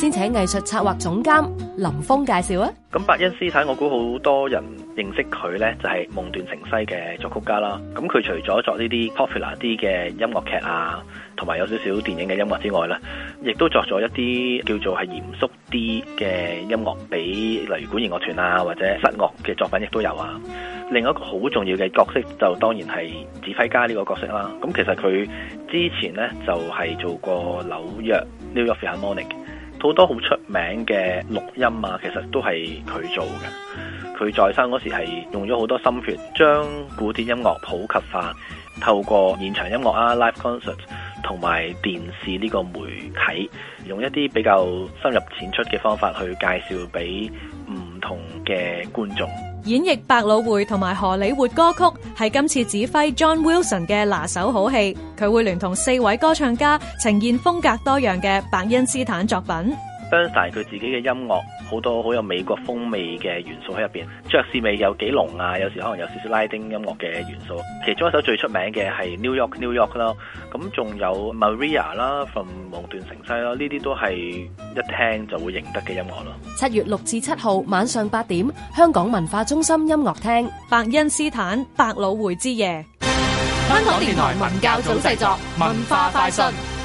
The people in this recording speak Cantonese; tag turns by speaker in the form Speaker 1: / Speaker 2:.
Speaker 1: 先請藝術策劃總監林峰介紹啊！
Speaker 2: 咁伯恩斯坦，我估好多人認識佢呢，就係夢斷城西嘅作曲家啦。咁佢除咗作呢啲 popular 啲嘅音樂劇啊，同埋有少少電影嘅音樂之外呢，亦都作咗一啲叫做係嚴肅啲嘅音樂，俾例如管弦樂團啊或者室樂嘅作品亦都有啊。另外一個好重要嘅角色就當然係指揮家呢個角色啦。咁其實佢之前呢，就係做過紐約 New York Philharmonic。好多好出名嘅錄音啊，其實都係佢做嘅。佢在生嗰時係用咗好多心血，將古典音樂普及化，透過現場音樂啊、live concert 同埋電視呢個媒體，用一啲比較深入淺出嘅方法去介紹俾唔同嘅觀眾。
Speaker 3: 演繹《百老匯》同埋《荷里活》歌曲係今次指揮 John Wilson 嘅拿手好戲，佢會聯同四位歌唱家呈現風格多樣嘅白恩斯坦作品。
Speaker 2: Bernstein 佢自己嘅音樂。好多好有美國風味嘅元素喺入邊，爵士味有幾濃啊！有時可能有少少拉丁音樂嘅元素。其中一首最出名嘅係 New York New York 啦，咁仲有 Maria 啦，從夢斷城西啦，呢啲都係一聽就會認得嘅音樂咯。
Speaker 1: 七月六至七號晚上八點，香港文化中心音樂廳，伯恩斯坦百老匯之夜。香港電台文教組製作，文化快訊。